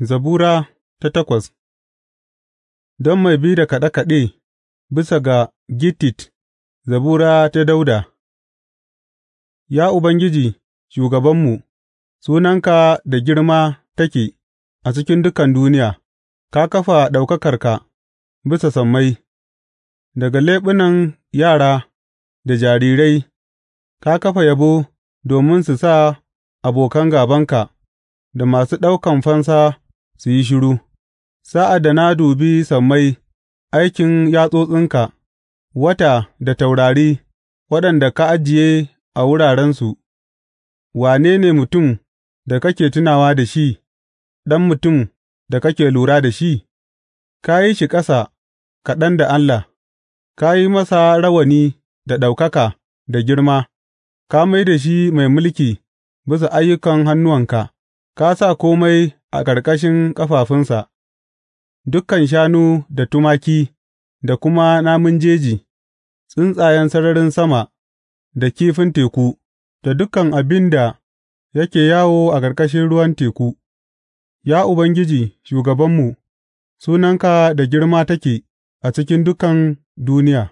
Zabura ta takwas Don mai bi da kaɗe kaɗe bisa ga gittit zabura ta Dauda Ya Ubangiji, shugabanmu, sunanka da girma take a cikin dukan duniya, ka kafa ɗaukakarka bisa sammai, daga leɓunan yara da jarirai, ka kafa yabo domin su sa abokan gabanka da masu ɗaukan fansa. su yi shiru, sa'ad da na dubi sammai, aikin yatsotsinka, wata da taurari waɗanda ka ajiye a wurarensu, wane ne mutum da kake tunawa da shi, ɗan mutum da kake lura da shi? Ka yi shi ƙasa kaɗan da Allah, ka yi masa rawani da ɗaukaka da girma, ka mai da shi mai mulki bisa ayyukan hannuwanka. Ka sa kome a ƙarƙashin ƙafafunsa, dukan shanu da tumaki da kuma namun jeji, tsuntsayen sararin sama da kifin teku, da dukan abin da yake yawo a ƙarƙashin ruwan teku, Ya Ubangiji shugabanmu, sunanka da girma take a cikin dukan duniya.